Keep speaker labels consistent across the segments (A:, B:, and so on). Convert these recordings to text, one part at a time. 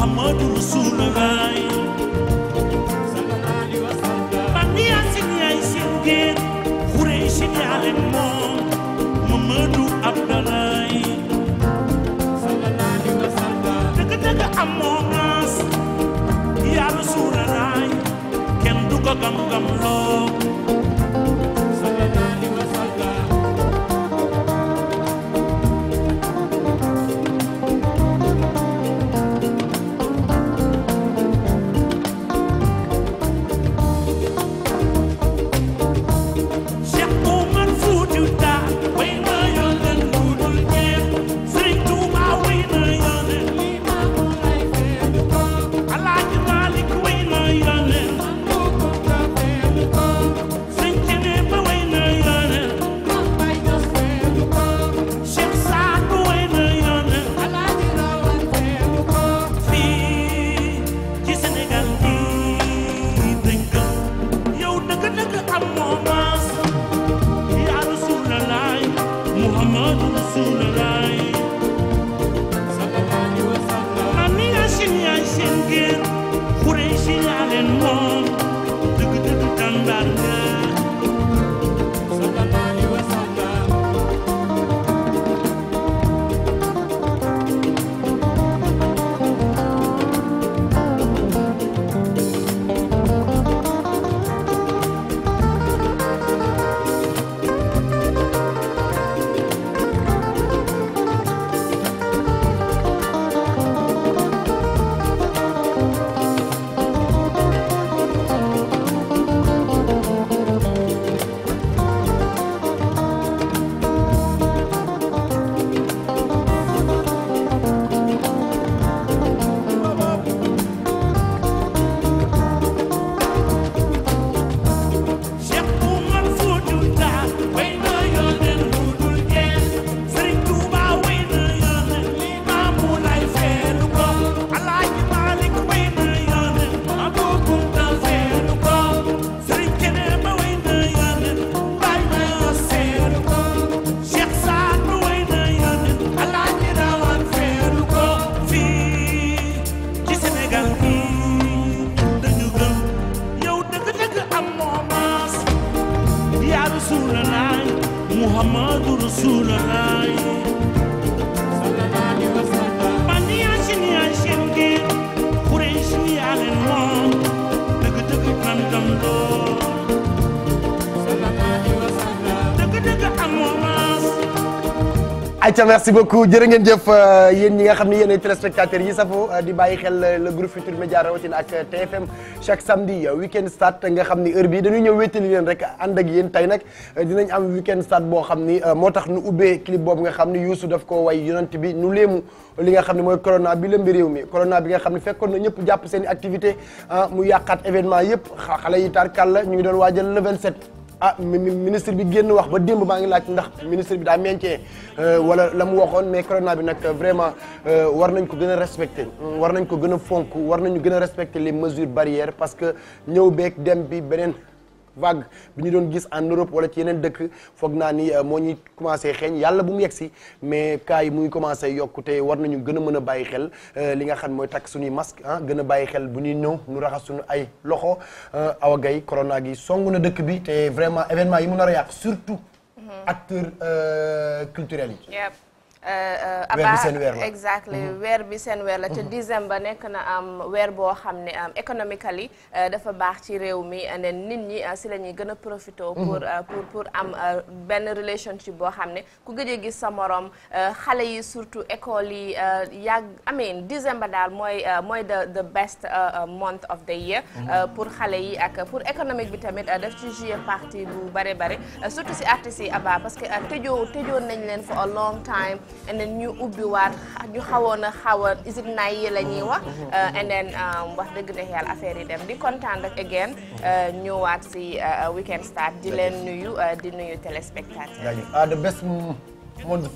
A: Muhammadu Rasulullah
B: ayca merci beaucoup jërë ngeen jëf euh, yéen ñi nga xam ne yéen ay yi safo euh, di bàyyi xel euh, le groupe Futur Média rawatina ak TFM chaque samedi weekend start nga xam ni heure bii dañuy ñëw wéttali leen rek ànd ak yéen tey nag dinañ am weekend start boo xam ni moo tax nu ubbee clip boobu nga xam ni Youssou daf ko way yonent bi nu léemu li nga xam ne mooy corona bi lëmbi réew mi corona bi nga xam ne fekkoon na ñëpp jàpp seen i activité ah, mu yàqaat événement yëpp xale yi tarkal ñu ngi doon waajal le 27 ah ministre bi génn wax ba démb maa ngi laaj ndax ministre bi daa meñcee euh, wala la mu waxoon mais corona bi nag vraiment euh, war nañ ko gën a respecter mm, war nañ ko gën a fonk war nañu gën a respecter les mesures barrières parce que ñëw beeg dem bi beneen vague bi ñu doon gis en Europe wala ci yeneen dëkk foog naa ni euh, moo ñuy commencé xeeñ yàlla bu mu yegg si mais cas yi muy commencé yokku te war nañu gën a mën a bàyyi xel euh, li nga xam mooy takk suñuy masque ah gën bàyyi xel bu ñuy ñëw ñu raxas suñu ay loxo euh, awa gay corona gi song na dëkk bi te vraiment événement yi mu nar a yàq surtout mm-hmm. acteurs culturel
C: yi Euh, euh, weer bi seen weer exactly mhm. weer bi seen weer la te mhm. décembre nekk na am weer boo xam ne am économically euh, dafa baax ci réew mi ne nit ñi si lañuy ñuy gën a profité. Mhm. pour pour pour am benn relationship boo xam ne ku gëj gis sa morom xale yi surtout école yi yàgg ameen décembre daal mooy mooy the the best month of the year. pour xale yi ak pour économique bi tamit def ci joué partie bu bare bare surtout si artistes yi Abba parce que tëjoo tëjoon nañ leen for a long time. and then ñu ubbi waat ñu xawoon a xaw a usine naay yi la ñuy wax mm-hmm. uh, and then um, wax dëgg de yàlla affaire yi dem di kontaan ak again uh, ñëwaat si uh, weekend start di leen nuyu di nuyu téléspectateurs
B: yi ah, the best month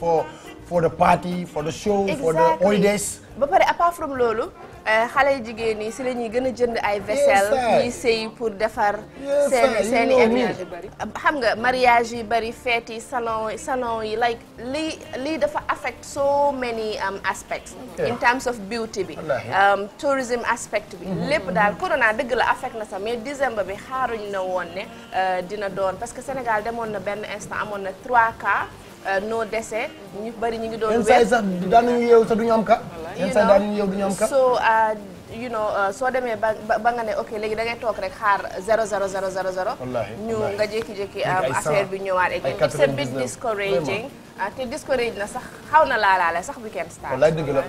B: for the party for the show for
C: the holidays ba pare apart from loolu Eh, xale yu jigéen ñi si lañuy gën a jënd ay vaisselle ñuy sëy pour defar seen seen i xam nga mariage yi bari fête yi salon salon yi like lii lii dafa affect so many um, aspects in terms of beauty bi um, tourism aspect bi mm-hmm, lépp daal mm-hmm. corona dëgg la affect na sax mais décembre bi xaaruñ na woon ne euh, dina doon parce que Sénégal demoon na benn instant amoon na trois cas Euh, nos décès. ñu bari ñu ngi doon wér yenn saa yi
B: sax daan du ñu am ka. yenn so
C: uh, you know uh, soo demee ba ba nga ne ok léegi da ngay toog rek xaar 00000. ñu nga jékki-jékki am um, affaire bi ñëwaat. ay 99 it's a bit discouraging. ah te discourage na sax xaw na laa laalaale sax weekend star. wallaay dëgg la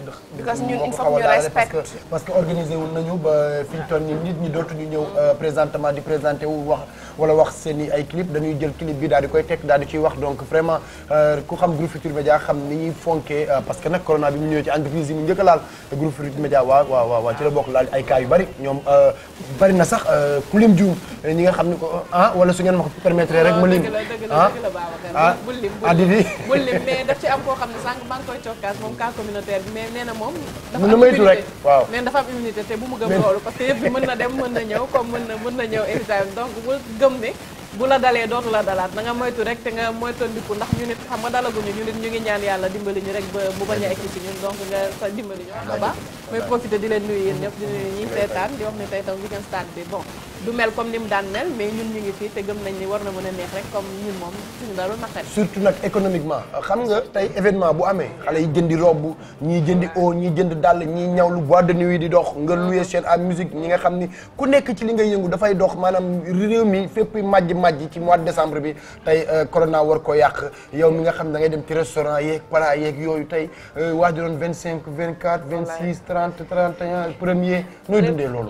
B: parce que ñun il faut ñu respecte parce que organisé wul nañu ba fi ñu nit ñi dootuñu ñëw euh, présentement di présenté wu wax. wala wax seen i ay clip dañuy jël clip bi daal di koy teg daal di ciy wax donc vraiment euh, ku xam groupe Futurs Médias xam ni ñuy fonkee euh, parce que nag corona bi mu ñëwee ci entreprise yi mu njëkk a laal groupe Futurs waaw waaw waaw ci la bokk laal yu bari ñoom euh, bari na sax ku lim juum ñi nga xam ne ko ah wala su ngeen ma ko permettre rek ma lim ah
D: ah ah di di ci am koo xam ne sànq maa ngi koy cokkaas moom cas communautaire bi mais nee moom dafa am immunité waaw nee na dafa am immunité te bu mu gëm parce que yëpp bi na dem mën na ñëw comme mën na mën na ñëw examen gëm ne bu la dalee dootu la dalaat na moytu rek te nga moytandiku ndax ñu nit xam nga dalaguñu ñu nit ñu ngi ñaan yàlla dimbali ñu rek ba bu bañ a egsi ci ñun donc nga sa dimbali ñu wax ba mooy profité di leen nuyu yéen ñëpp di nuyu ñuy seetaan di wax ne tey weekend start bi bon du mel comme ni daan mel mais ñun ñu ngi fii te gëm nañ ni war na mën a neex rek comme
B: surtout nag économiquement xam nga tey événement bu amee xale yi jëndi robb ñii jëndi o ñii jënd dàll ñaw lu boîte de nuit di dox nga loué chaîne à musique ñi nga xam ni ku nekk ci li nga yëngu dafay dox maanaam réew mi fépp màjj màjj ci mois de décembre bi tey euh, corona war ko yàq yow mi nga xam da ngay dem ci restaurant yeeg pala yeeg yooyu tey euh, waa ji doon vingt cinq vingt quatre vingt six trente trente et un premier nooy dundee loolu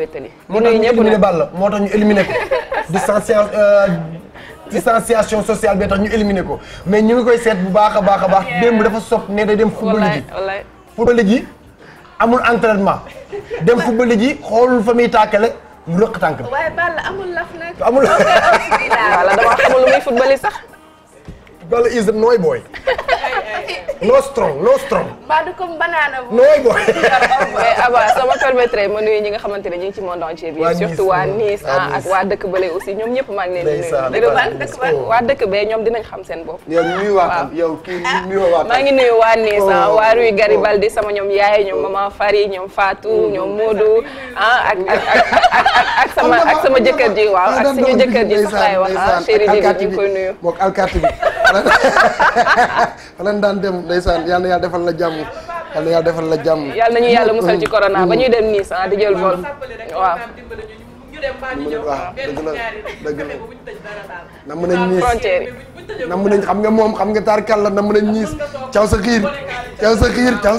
E: wéttali. di nuyu ñëpp
B: nag moo tax ñu éliminé ko distanciation euh, distanciation sociale bee tax ñu éliminé ko mais ñu ngi koy seet bu baax a baax a baax démb dafa sopp ne day dem football ji football ji amul entraînement dem football ji xoolul fa muy tàkkale mu rëq tànk bi.
C: waaye Balla amul laf nag. amul laf dama xamul lu muy football sax.
B: wala is nooy booy. no strong
C: no strong.
E: mbaa du comme ah ma nuyu ñi nga xamante ne ñu ngi ci monde entier bi. surtout waa Nice ah, ak waa dëkk bële aussi ñoom ñëpp maa ngi leen di nuyu. Oh. waa dëkk bee ñoom dinañ xam seen bopp.
B: yow ah, nuyu waa yow kii nuyu waa. maa
E: waa Nice waa Rue sama ñoom yaay ñoom oh. maman Fari ñoom faatu mm. ñoom Modou ah ak ak ak ak sama ak sama jëkkër ji waaw ak suñu jëkkër ji sax wax ah chéri ji ñu koy
B: nuyu. fa leen daan dem ndeysaan yal na yàlla defal la jàmm yal na yàlla defal la jàmm yal nañu yàlla musal ci corona mm. ba ñuy dem nii sax ah, di jël vol
E: waaw waaw dëgg la
B: na mën ñiis na mën nañ xam nga moom xam nga taarkal la na mën nañ ñiis caw sa xiir caw sa xiir caw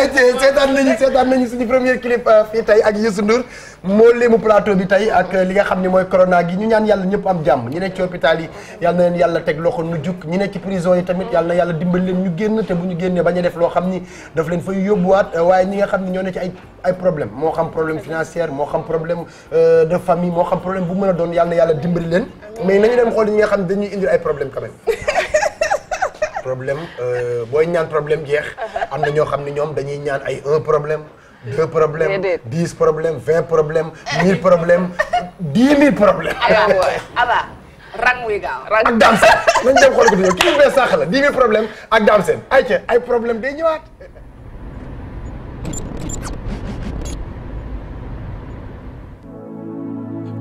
B: ay seetaan nañu seetaan nañu suñu premier clip euh, fii tey ak Youssou Ndour moo léemu plateau bi tey ak euh, li nga xam ne mooy corona gi ñu ñaan yàlla ñëpp am jàmm ñi nekk ci hôpital yi yàlla na leen yàlla teg loxo nu jukk ñi nekk ci prison yi tamit yàlla yàlla dimbali leen ñu génn te bu ñu génnee bañ a def loo xam ni daf leen fay yóbbuwaat euh, waaye ñi nga xam ne ñoo ne ci ay problème moo xam problème financier moo xam problème de famille moo xam problème bu mën a doon yàlla na yàlla leen mais nañu dem xool ñi nga xam ne dañuy problème euh, booy ñaan problème jeex uh-huh. am na ñoo xam ne ñoom dañuy ñaan ay un problème deux problèmes dix problèmes vingt problèmes mille problèmes dix mille problèmes. aba
C: ah ah rang muy gaaw. ak daam seen
B: nañ xool ko di ñëw kii bi sànq la dix mille problèmes ak daam seen ay ca ay problème day ñëwaat.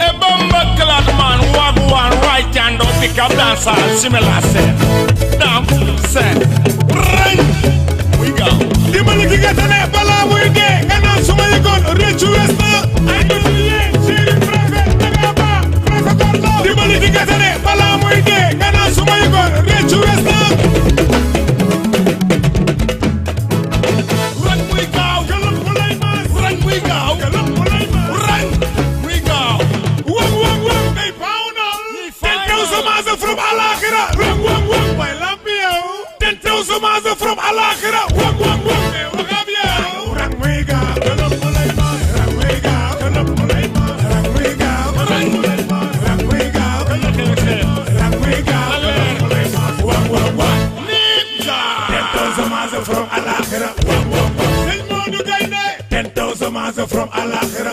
A: A e bomba clad man walk one right hand up pick up dancer similar set. Damn set. Ring. We go. Dimali a
F: gatane pala muike kana sumaye kon rich west. I alaxira wam wam wam e waxa biya rang muy ga kanam mu lay ma rang muy ga kanam mu lay ma rang muy ga kanam mu lay ma rang muy ga kanam mu lay ma rang muy ga kanam mu lay ma wam wam wam nita ten thousand miles from alaxira wam wam wam señ Modou Gaynde ten thousand miles from alaxira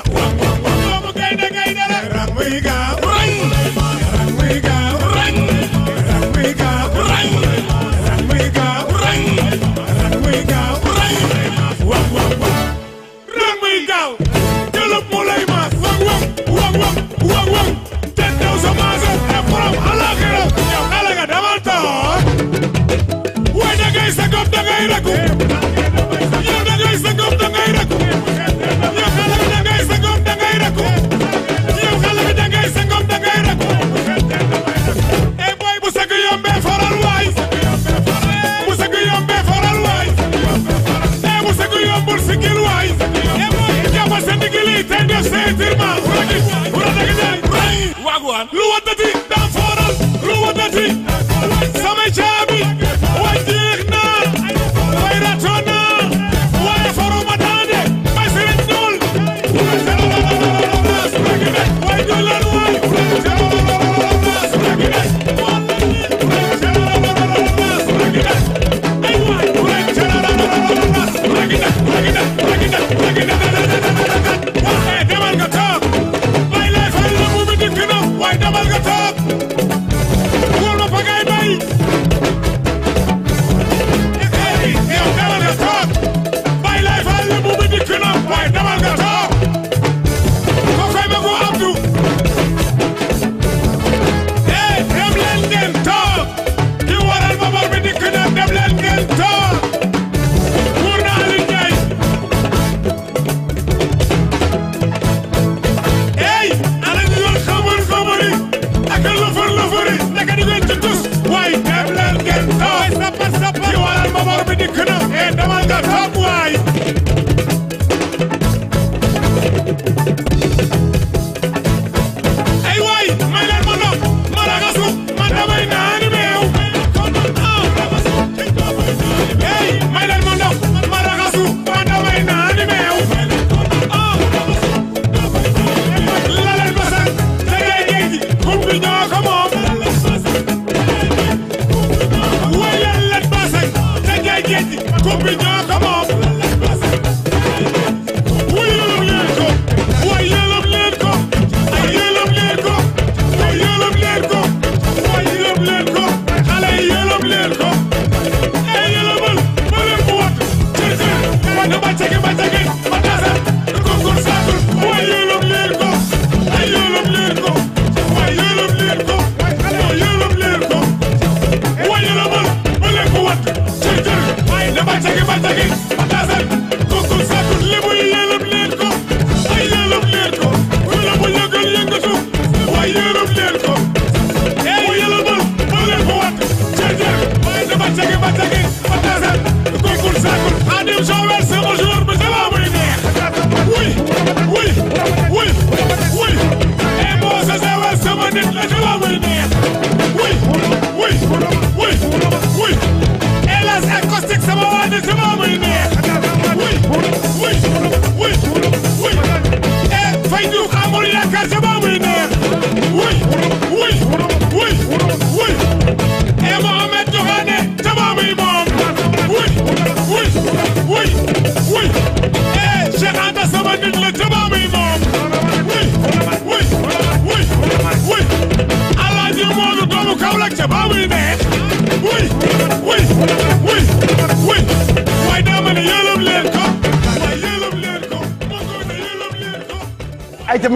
F: Vandalism.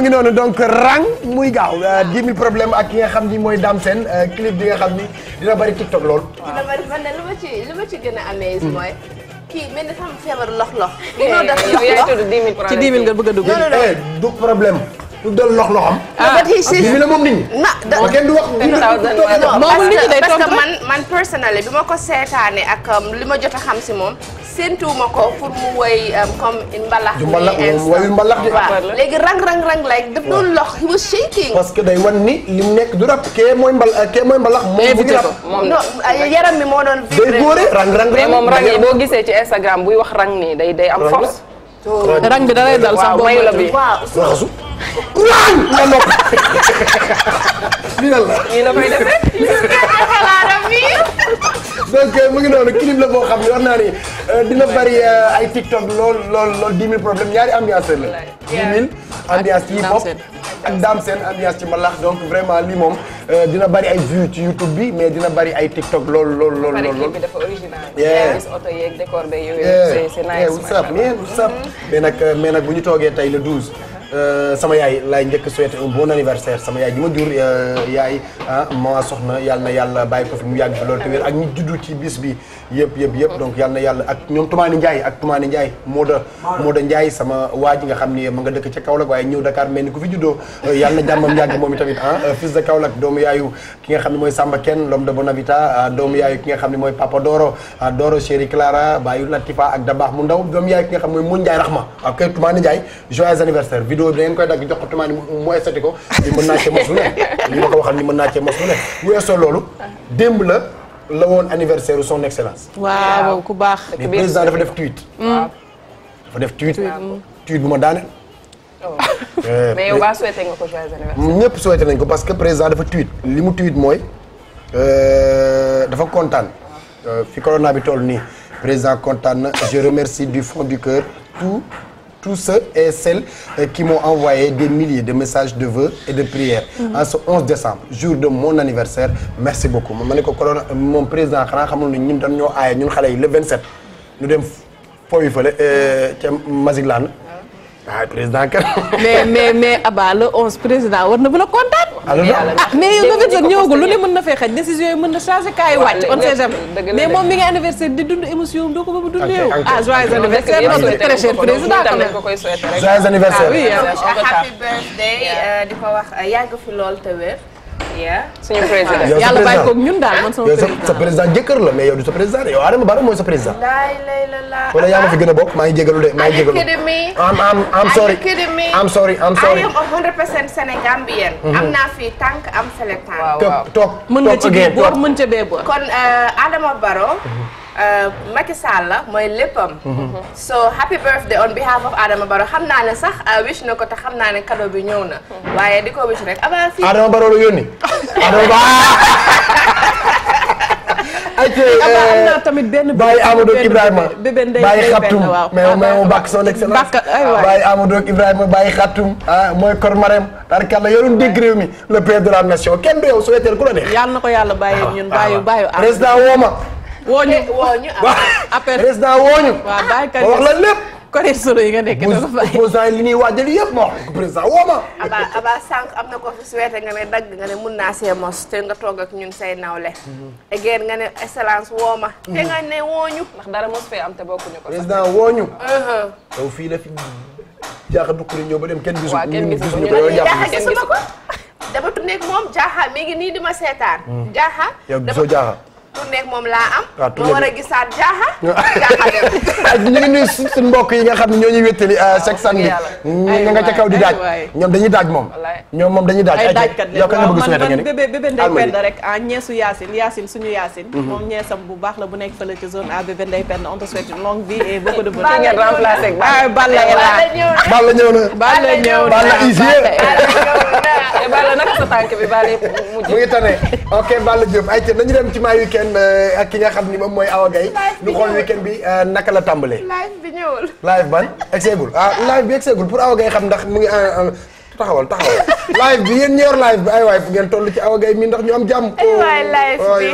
B: mu ngi noonu donc rang muy gaaw 10 euh, 000 problème ak ki nga xam ni mooy Dame euh, bi nga xam ni dina bari TikTok lool.
C: dina bari man de ma ci lu ma ci gën a amee hmm. mooy. kii mel ni sama feebar lox-lox. yow yaa ngi tudd 10
E: 000 ci 10 000 nga
B: bëgg a dugg. non non non eh, du problème. lox loxam.
E: ah bi ah, la moom nit na
C: da kenn du wax. moom nit ñi day tontu parce que man man personnel bi ma ko seetaane ak um, li ma jot a xam si moom. séentuwuma ko pour mu woy euh, comme mbalax. du mbalax woyul mbalax de. waaw léegi rang rang rang like daf doon lox he was shaking. parce que day
B: wan ni li mu nekk du rab kee mooy mbal euh, kee mooy mbalax. moom mu ngi rab non yaram mi
E: moo doon. vibré day góore rang rang mais moom rang yi boo gisee ci Instagram buy wax rang nii day day am force. rang bi da lay dal sax boo mayu la bi waaw waaw nga
D: nopp lii lan la.
E: nii la koy defee.
B: donc mu ngi noonu clip la boo xam ne wax naa ni. Euh, dina bari euh, ay TikTok lool lool lool 10 000 problèmes ñaari ambiance la. 10 000 ambiance ci hip-hop ak donc vraiment lii moom euh, dina bari ay vues ci YouTube bi mais dina bari ay TikTok lool lool lool lool. lool bi
E: dafa original.
B: mais nag mais nag bu ñu toogee tey le 12. Euh, sama yaay laay njëkk souhaité un bon anniversaire sama yaay ji ma jur euh, yaay ah ma soxna yàlla na yàlla bàyyi ko fi mu yàgg fi loolu te ak ñi juddu ci bis bi yëpp yëpp yëpp donc yàlla yàlla ak ñoom Toumani Ndiaye ak Toumani Ndiaye moo moo da sama waa ji nga xam ni ma nga dëkk ca Kaolack waaye ñëw Dakar mel ni ku fi juddoo euh, moom i tamit ah fils de ki nga xam ne mooy Samba Ken l'homme de Bonavita doomu yaayu ki nga xam ne mooy Papa Doro Doro chéri Clara baayu Latifa ak ah, Dabax mu ndaw doom yaayu ki nga xam ne mooy ah, Moundiaye Rahma waaw kay Toumani Ndiaye joyeux anniversaire vidéo bi da koy dagg jox ko tumaani mu ko li mën naa cee mos lu ne li ma ko waxal ni mën naa cee mos lu ne la la woon anniversaire son excellence
D: waaw ku baax mais président dafa def tweet mm.
B: dafa def tweet tweet mm. bu ma daaneel oh. euh, mais yow baa souhaité nga ko joyeux nañ ko parce que président dafa tweet li mu tweet mooy euh, dafa kontaan euh, fi corona bi toll nii président kontaan na je remercie du fond du cœur tout tout ce et celles euh, qui m'ont envoyé des milliers de messages de vœux et de prières. à mhm. ce 11 décembre jour de mon anniversaire merci beaucoup ma ne ko corona moom président xanaa xamul ne ñun dañoo aaye ñun xale yi le 27 ñu dem foofu fële euh, ca Maziglan. ah président kan.
D: mais mais mais Aba le 11 président war na mën a kontaan. Ah, ah, ah mais yow nga gis ñëwagul lu ne mën na fay xaj décision yi na changé kaay wàcc on sait jamais mais moom mi ngi anniversaire di dund émission doo ko ba mu dundee yow. ah joyeux anniversaire
E: notre très cher président
C: quand ah euh, yàgg fi lool te wér. suñu
D: président yàlla bàyyi ko ñun daal man sama président
B: sa président jëkkër la mais yow du sa président yow Adama Barrow mooy sa président.
C: laay lay la laa. wala yaa ma fi gën
B: a bokk maa ngi
D: jégalu
C: am am am sorry mhm. am sorry am sorry.
D: am nga ci bee boor mën ca bee boor.
C: kon euh, Adama Barrow. Mhm. Euh, Macky Sall la mooy léppam. Mhm. so happy birthday on behalf of Adama Barrow xam naa ne sax euh, wish na ko te xam naa ne cadeau bi ñëw na. Mhm. waaye di ko wish rek avant. Adama Barrow la yónni. Adama Ba.
D: ayca am na euh, tamit benn. Baye Amadou Ibrahima Baye Xaptum mais mais
B: mu bàkk son excellence. Baye Amadou Ibrahima Baye Xaptum. ah mooy Kor Marème. tarkalla yoroon dégg réew mi le père de la nation kenn du yow souhaiter ku la neex. yàlla
D: na ko yàlla bàyyi ñun ah, bàyyi ah,
B: bàyyi. Ah.
D: woo ñu eh, woo ñu ah. après président woo
B: ñu. la lépp. côté solo yi nga nekk li ñuy waajal yëpp ma wax président
C: am na ko fi suweete nga ne dagg nga ne mun naa see mos te nga toog say nawle. egeen mhm. nga ne excellence woo ma. Mhm. ñu. dara mos fee am te bokkuñu ko.
B: président woo ñu.
C: Uh-huh.
B: fii la fi jaaxal ñu ko yow jaaxal gisuma
C: ko. dama di ma seetaan. Mhm. jaaxa
B: dama gisoo jaaxa.
C: ku nekk moom laa am. waaw ah, tur war a gisaat jaaxa.
B: Ah. Ah, ñu ngi nuyu suñu mbokk yi nga xam ne ñoo ñuy wéttali. sek san bi ñu nga ca kaw di daaj. ñoom dañuy daaj moom.
D: ñoom moom dañuy daaj. ay daajkat lañ waaw man man bébé bébé Ndeye Penda rek ah ñeesu Yacine Yacine suñu mm-hmm. moom ñeesam bu baax la bu nekk fële ci zone A bébé Ndeye Penda on te souhaite une longue vie et ñëw na
B: Balla ñëw na Balla Isié. Balla
E: sa tànk bi Balla mu ngi
B: tane ok Balla Diop ay nañu dem ci maa weekend weekend eh, ak ki nga xam ni moom mooy Awa Gaye ñu xool weekend bi eh, naka la tàmbalee.
C: live bi ñëwul.
B: live ban exeegul ah live bi exeegul pour Awa Gaye xam ndax mu ngi eh, taxawal taxawal live bi yéen ñeer live bi ay waay fu ngeen toll ci Awa Gaye mi ndax ñu am jàmm. ay waay oh, live bi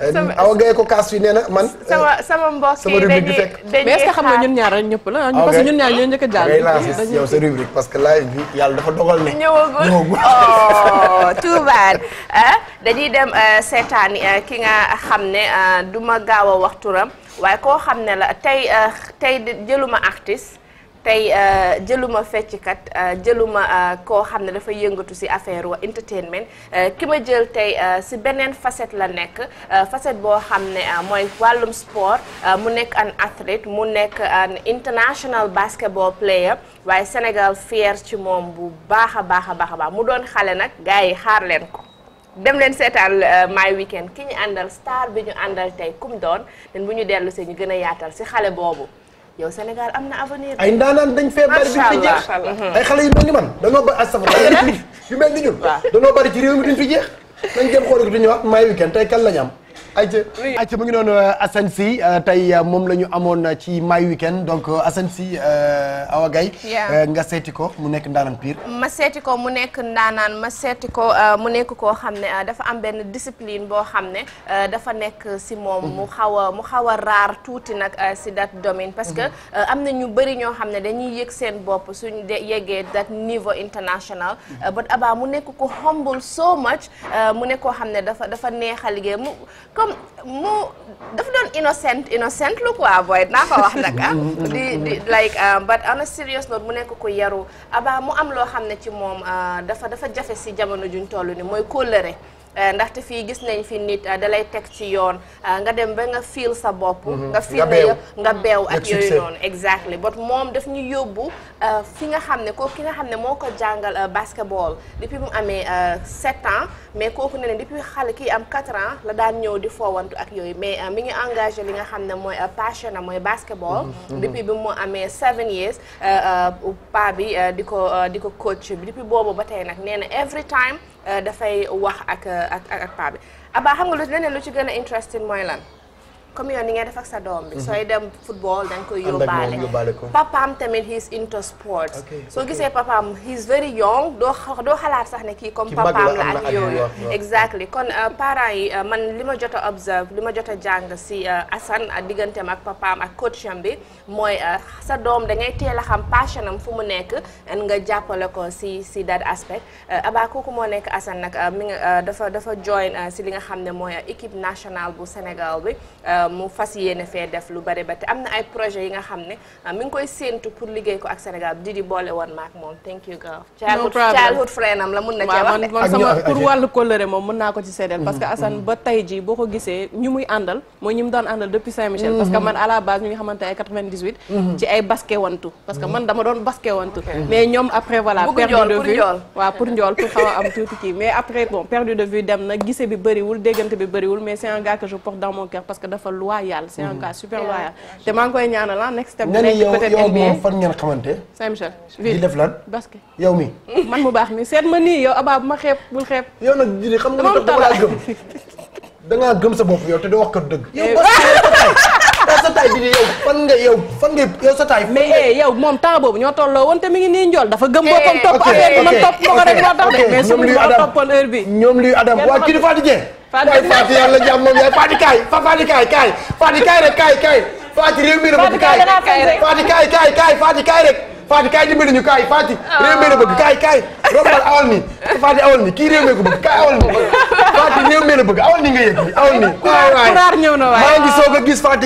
B: Awa Gaye ko kaas fi nee na man. sama sama euh, mbokk yi dañuy xam nga
D: ñun ñaar ñëpp
C: la parce que ñun ñaar ñoo njëkk sa
B: rubrique parce que live bi yàlla dafa dogal ne.
C: ñëwagul ñëwagul oh, ah, dem euh, seetaan euh, ki nga xam ne du ma gaaw a wax turam waaye koo xam ne la tey tey jëluma artiste. tey euh, jëluma fecckat euh, jëluma euh, koo xam ne dafa yëngatu ci affaire wa entertainment ki ma jël tey ci beneen facette la nekk facette boo xam ne mooy wàllum sport mu nekk an athlète mu nekk an international basketball player waaye Sénégal fier ci moom bu baax a baax a baax a baax mu doon xale nag gars yi xaar leen ko dem leen seetaan my weekend ki ñu àndal star bi ñu àndal tey kum doon den bu ñu dellu see ñu gën a yaatal ci xale boobu yow Sénégal am na avenir. ay ndaanaan
B: dañ fee bari. macha allah macha ay xale yu mel ni man dañoo ba astafurlah. yu mel ni ñun. waaw bari ci réew mi duñ fi jeex. nañ dem xool du ñu wax may weekend tey kal la am ayca ayca mu ngi noonu euh, Assane Sy euh, tey euh, moom la ñu amoon ci my weekend donc Assane Sy Awa Gaye nga seeti ko mu nekk ndaanaan pire.
C: ma seeti ko mu nekk ndaanaan ma seeti ko mu nekk koo xam ne dafa am benn discipline boo xam ne dafa nekk si moom mhm. mu xaw a mu xaw a raar tuuti nag si dat domaine parce que mhm. am na ñu bëri ñoo xam ne dañuy yëg seen bopp suñ de yeggee dat niveau international mhm. but Abba mu nekk ko humble so much mu nekk koo xam ne dafa dafa neex a liggéey comme mu dafa doon innocent innocent lu quoi boy naa ko wax nag ah. di di like um, but on a serious mu nekk ku yaru aba mu am loo xam ne ci moom ah, dafa dafa jafe si jamono juñ toll nii mooy kóllëre. Eh, ndaxte fii gis nañ fi nit eh, dalay teg ci yoon eh, nga dem ba nga fiil sa bopp mhm. nga fiil na nga beew mhm. ak yooyu noonu exactly but moom daf ñu yóbbu fi nga xam ne kooku ki nga xam ne moo ko jàngal basketball depuis mu amee sept ans mais kooku ne ne depuis xale kii am quatre ans la daan ñëw di foowantu ak yooyu mais mi ngi engagé li nga xam ne mooy passion mooy basketball mhm. depuis bi mu amee seven years paa bi di ko di ko coach bi depuis boobu ba tey nag nee na every time dafay wax ak ak ak paa bi abaa xam nga lu leneen lu ci gën a interesting mooy lan comme yow ni ngay def sa doom bi. Mhm. sooy dem football da nga koy yóbbaale. papaam tamit he is into sports. soo gisee papam he is very young doo doo xalaat sax ne kii comme papaam la ak yooyu. exactly kon euh, parent yi euh, man li ma jot a observe li ma jot a jàng si euh, Assane digganteem ak papam ak coacham bi mooy sa doom da ngay teel a xam passion fu mu nekk nga jàppale ko si si that aspect Aba kooku moo nekk Assane nag mi nga dafa dafa join si li nga xam ne mooy équipe nationale bu Sénégal bi. mu fas yéene fee def lu bari ba te am na ay projet yi nga xam ne ah, mi koy séentu pour liggéey ko ak Sénégal di di boole woon maak moom man sama pour
D: wàllu kóllëre moom mën naa ko ci seedeel parce que mhm. Assane ba tay ji boo ko gisee ñi muy àndal mooy ñi mu daan àndal depuis Saint-Michel parce que mhm. man à la base xamante ay mhm. ci ay basket wantu parce que man dama doon basket wantu mais ñoom après voilà perdu de vue dem na gise bi bëriwul déggante bi loyal. c'est un mm-hmm. gars super loyal. te maa ngi koy ñaanal ah next step. nga yow yow moom
B: fan ngeen xamante.
D: Saint-Michel di def lan. basket yow mi man mu baax mi seet ma nii yow abaa bu ma xeeb bul xeeb. yow nag jii xam nga lu tax da gëm.
B: da ngaa gëm sa bopp
D: yow te doo wax ko dëgg. Eh. yow sa taay bi yow fan nga yow fan nga yow sa mais eh, yow moom temps boobu ñoo tolloo woon te ngi nii njool dafa gëm boppam eh, topp affaire bi man topp ma
B: ko rek ñoom luy Adam waa kii dafa di jee Faati Faati yàlla jàmm moom yaay Faati kaay Faati kaay kaay Faati kaay rek kaay kaay Faati réew mi la bëgg kaay Faati kaay kaay kaay Faati kaay rek Faati kaay dimbali ñu kaay Faati réew mi la bëgg kaay kaay rombal awal ni Faati awal ni kii réew mi ko bëgg kaay awal ni Faati réew mi la bëgg awal ni nga yëg awal ni waay waay maa ngi soog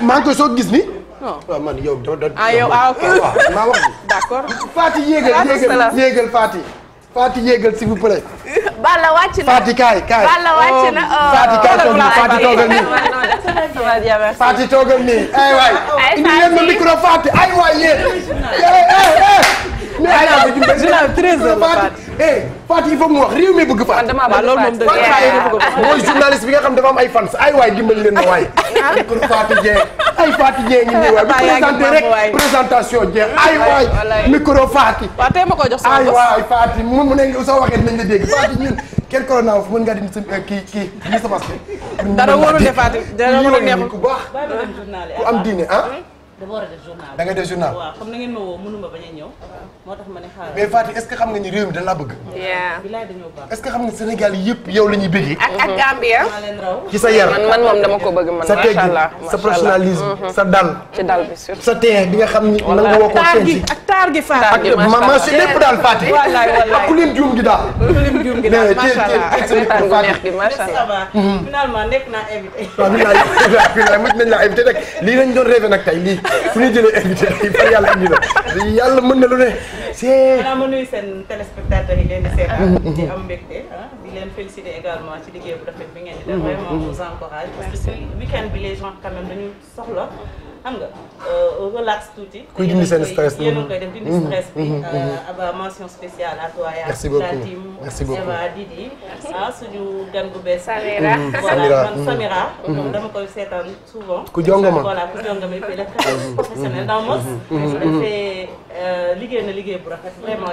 B: a maa koy soog gis ni waaw man yow do do Faati yéegal yéegal Faati Fati yéegal s'il vous plaît. Balla wàcc na Fati kaay kaay. Balla wàcc na oh. oh. Fati kaay toog nii
E: Fati toogal nii.
B: Fati toogal nii ay eh, waay. ay Fati indi leen ma micro Fati ay waay yéen. Eh, eh. mais eh, Fatou il faut mu wax réew mi bëgg Fatou. waaw loolu moom dëgg la mooy journaliste bi nga xam dafa am ay fans ay waay dimbali leen ma waay. Ah. kon Fatou Dieng ay Fatou Dieng ñu ngi waay bu présenté rek présentation Dieng ay waay micro Fatou. waaw tey ma ko jox sama ay waay Fatou mu mu ne soo waxee nañ la dégg Fatou ñun. quel corona wax mën ngaa di eh, kii kii li sa masque. dara wóorul de Fatou dara wóorul neexul ku
D: baax ku am diine ah. Hmm? dama war a def journal ma woo a
C: mais
B: Faty est que xam nga ni réew mi dañ bëgg
C: waaw
D: que
B: xam nga Sénégal yëpp yow la ñuy bëggee ak
C: ak Gambia maa leen
B: sa yar man man moom dama ko
E: bëgg man sa tegg
B: sa professionnalisme mm-hmm. sa dal
D: ci dal bi surtout sa tee
B: bi nga xam ni na nga woo ko sensi ak taar gi Faty ak ma si lépp daal Faty wallaay wallaay ku leen
D: allah ak allah mm-hmm.
B: lii lañ doon rêvé nag fu ñuy jëlee invité yi fa yàlla indi la yàlla mën na lu ne.
D: c'est maanaam ma nuyu seen téléspectateurs yi leen di seetaan. Mm-hmm, di mm-hmm. am mbégte ah, di leen féliciter également ci liggéey bu rafet bi ngeen di def. Mm-hmm, vraiment vous encourage parce que week-end bi les gens quand même dañu soxla. xam nga euh, relax tuuti. kuy dindi seen stress a koy def dindi mhm. stress la mhm. euh, mhm. team merci na bu rafet vraiment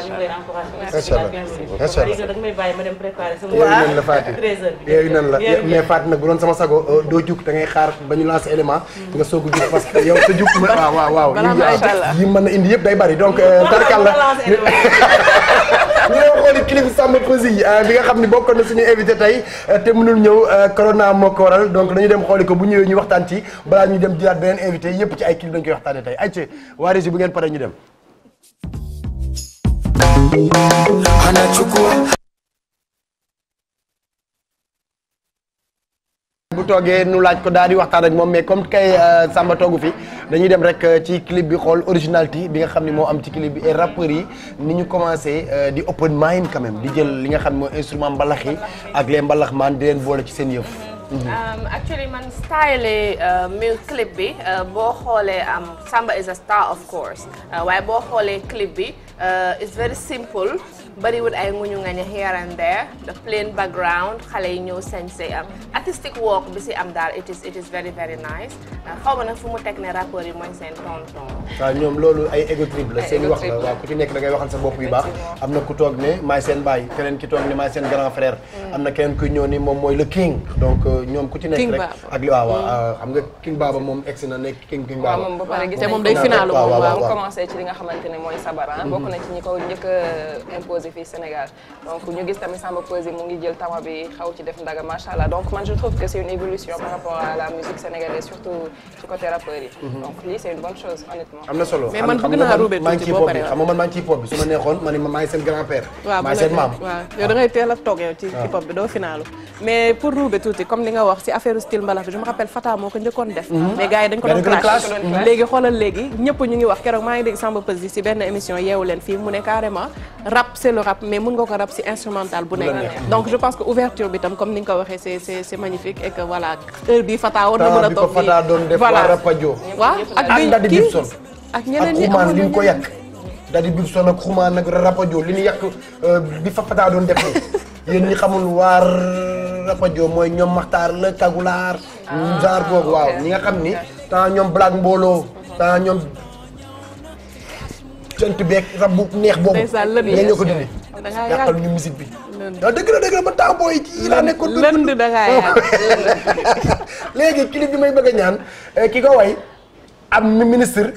D: ñu la Fatick 13
B: nag bu doon sama sago euh, doo jug da ngay xaar ba ñu lancer élément. Mm. nga soog jug yow sa jub waaw waaw yi mën na indi yëpp day bari donc euh, tarkal la ñu leen xooli clip Samba Peuzzi euh, bi nga xam ni bokkoon na suñu invité tey euh, te mënul ñëw corona moo ko waral donc dañu dem xooli ko bu ñëwee ñu waxtaan ci balaa ñu dem jëlaat beneen invité yëpp ci ay clip dañu koy waxtaanee tey ay ci waa Régis bu ngeen paree ñu dem bu toogee nu laaj ko daal di waxtaan ak moom mais comme kay euh, Samba toogu fi dañuy dem rek euh, ci clip bi xool originalité bi nga xam ne moo am ci clip bi et rappeurs yi ni ñu commencé euh, di open mind quand di jël li nga xam ne moo instrument mbalax yi ak les mbalax maan di leen boole ci seen yëf.
C: actually man style mu clip bi boo xoolee um, Samba is a star of course waaye boo xoolee clip bi it's very simple. bariwul ay nguñu nga ñax here and there the plain background xale yi ñëw sañse am artistic work bi si am daal it is very very nice ah, xaw waaw
B: ñoom loolu ay ego la seen wax la waaw ku ci nekk da ngay waxal sa bopp yu baax am na ku toog ne maay seen baay keneen ki toog ne maay seen grand frère hmm. am na keneen king euh, king baaba hmm. ah, moom egsi na nekk king king baaba moom ba pare gis moom day finaalu moom waaw commencé
E: ci li nga xamante ne mooy sabara hmm. bokk na ci ñi ko njëkk a imposé yi Sénégal donc ñu gis tamit Samba Peuzzi mu ngi jël tama bi xaw ci def ndaga macha allah donc man je trouve que c' une évolution par rapport à la musique sénégalaise surtout ci côté rappeurs yi. Mhm. donc lii c' une bonne chose honnêtement. am man bëgg naa ruubee tuuti boo paree xam
B: nga man maa ngi ciy bi su ma neexoon ma ne ma grand père. maa ngi seen maam
E: waaw yow da ngay teel a toog ah.
D: def mhm. mais gars yi dañ ko doon clash léegi xoolal léegi ñëpp ñu ngi wax keroog maa rap c'est le rap mais mën nga ko rap si instrumental bu nekk donc je pense que ouverture bi tam comme ni nga ko waxee c'est c'est c'est magnifique et que voilà heure bi Fata war na mën a toog
B: fii voilà
D: waaw ak Daddy Bibson ak ñeneen ñi amoon nañu ko yàq
B: Daddy Bibson ak Xuman ak Rapadio li ñu yàq euh, bi fa Fata doon def yéen ñi xamul waar Rapadio mooy ñoom Maxtaar la Kagulaar ah, genre boobu waaw ñi nga xam ni temps ñoom Black Mbolo temps ñoom cant beeg rab bu neex boobu. nga ñoo ko dindi. yàqal ñu musique bi. waaw dëgg la dëgg la man léegi clip bi may bëgg ñaan euh, ki ko way am ministre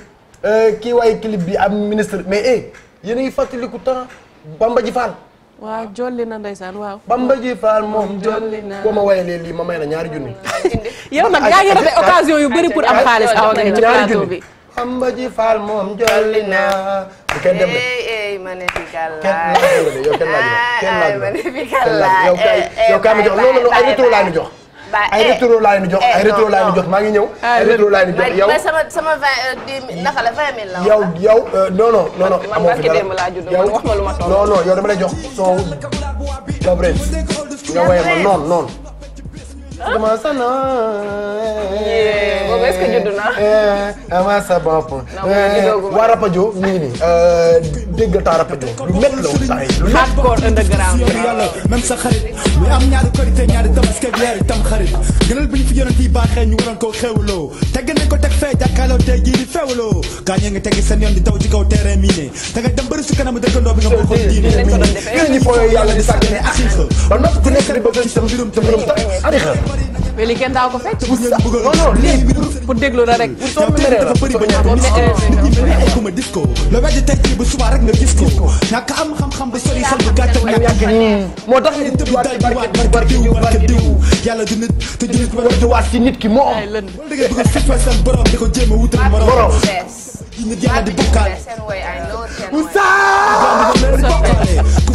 B: euh, ki way clip bi am ministre mais eh yéen a ngi fàttaliku temps Bamba Ji Fall.
D: waaw jolli na ndeysaan waaw.
B: Bamba Ji Fall moom jolli na koo ma wayalee lii ma may la ñaari junni.
D: yow nag yaa ngi rafet occasion yu bëri pour am
B: xaalis aw nga ah, ci plateau bi. amba ji faal moom jolli naa. bu kenn dem de eh
C: eh ma ne fi kàllaa
B: kenn ma ne fi kàllaa yow kay yow kay ma jox loolu ay retour laa ñu jox.
C: ay retour laa ñu jox ay retour laa ñu
B: jox maa ngi ñëw. Ah, ay retour laa ñu jox yow sama
C: sama vingt euh, dix mille naka la vingt mille la. yow
B: yow euh, non non non non. amoo fi dara yow wax ma lu ma toll. non non yow dama lay jox son Gabriel nga woyal ma noonu noonu.
E: commencé naa. boobu est-ce que juddu
B: naa. amaa sa bopp. waa Rapadio mi ngi nii eh, dégg taa Rapadio lu métti la woon saa yi. hardcore underground. yàlla même sa xarit mu am ñaari korite ñaari tabaski ak leer itam xarit gënal bi ñu fi yonent yi baaxee ñu waroon koo xewloo tegg nañ ko teg fee jàkkaarloo tey jii di feewloo gaañee nga teggi seen yoon di daw ci kaw terrain miiné da nga dem bëri dëkkandoo bi nga bokkoon diine miiné ngeen ñi fooyoo yàlla di sàkk ne axiixa ba nopp ku nekk di bëgg ci sa mbirum sa mbirum tax
D: ko fekk non pour déglu la rek. soo mënee la boo mënee gis ko la wedd tey jii ba suba rek nga
B: gis ko. ñàkk am xam-xam ba sori sol bu gàtt ak ñàkk moo tax nit tëb daal di waat barke diw barke diw yàlla du nit te du nit war di waat ci nit ki moo am. wala da ngay bëgg a fitwee seen borom di ko jéem a wutal morom
F: nga jéem di bokkaale.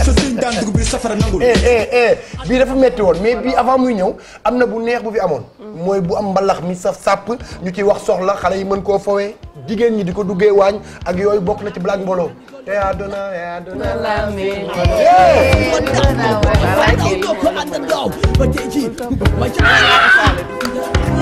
B: sa sëñ daan dugg bii dafa metti woon mais bii avant muy ñëw am na bu neex bu fi amoon. mooy bu am mbalax mi saf sàpp ñu ciy wax soxla xale yi mën koo fowee jigéen ñi di ko duggee waañ ak yooyu bokk na ci blague mbooloo. te àdduna
A: àdduna la mi. waaw
D: waaw waaw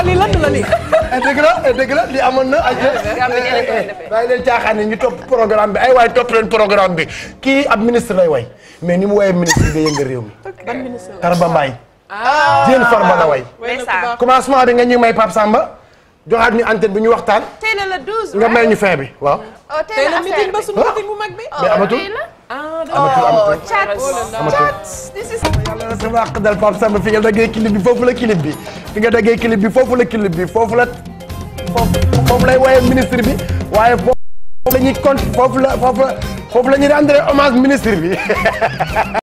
D: xool li lënd
B: la li eh, dëgg la eh, dëgg la li amoon na ay waaye leen caaxaan ñu topp programme bi ay waaye topp programme bi kii ab ministre lay way mais ni mu wayee ministre da yëngal réew mi Tarba Mbaye
D: Diène ah. Farba la way
B: commencement bi nga ñuy may Pape Samba joxaat ñu antenne bi ñu waxtaan.
D: tey la la 12 nga ñu fin bi waaw. Oh, tey la meeting ba suñu meeting bu mag bi. Oh, mais amatul amatul amatul amatul.
B: amatul dal Pape Samba fi nga daggee clip bi foofu la clip bi fi nga daggee clip bi foofu la clip bi foofu la foofu lay woowee ministre bi waaye foofu la ñuy compte foofu la foofu la la ñuy rendre hommage ministre bi.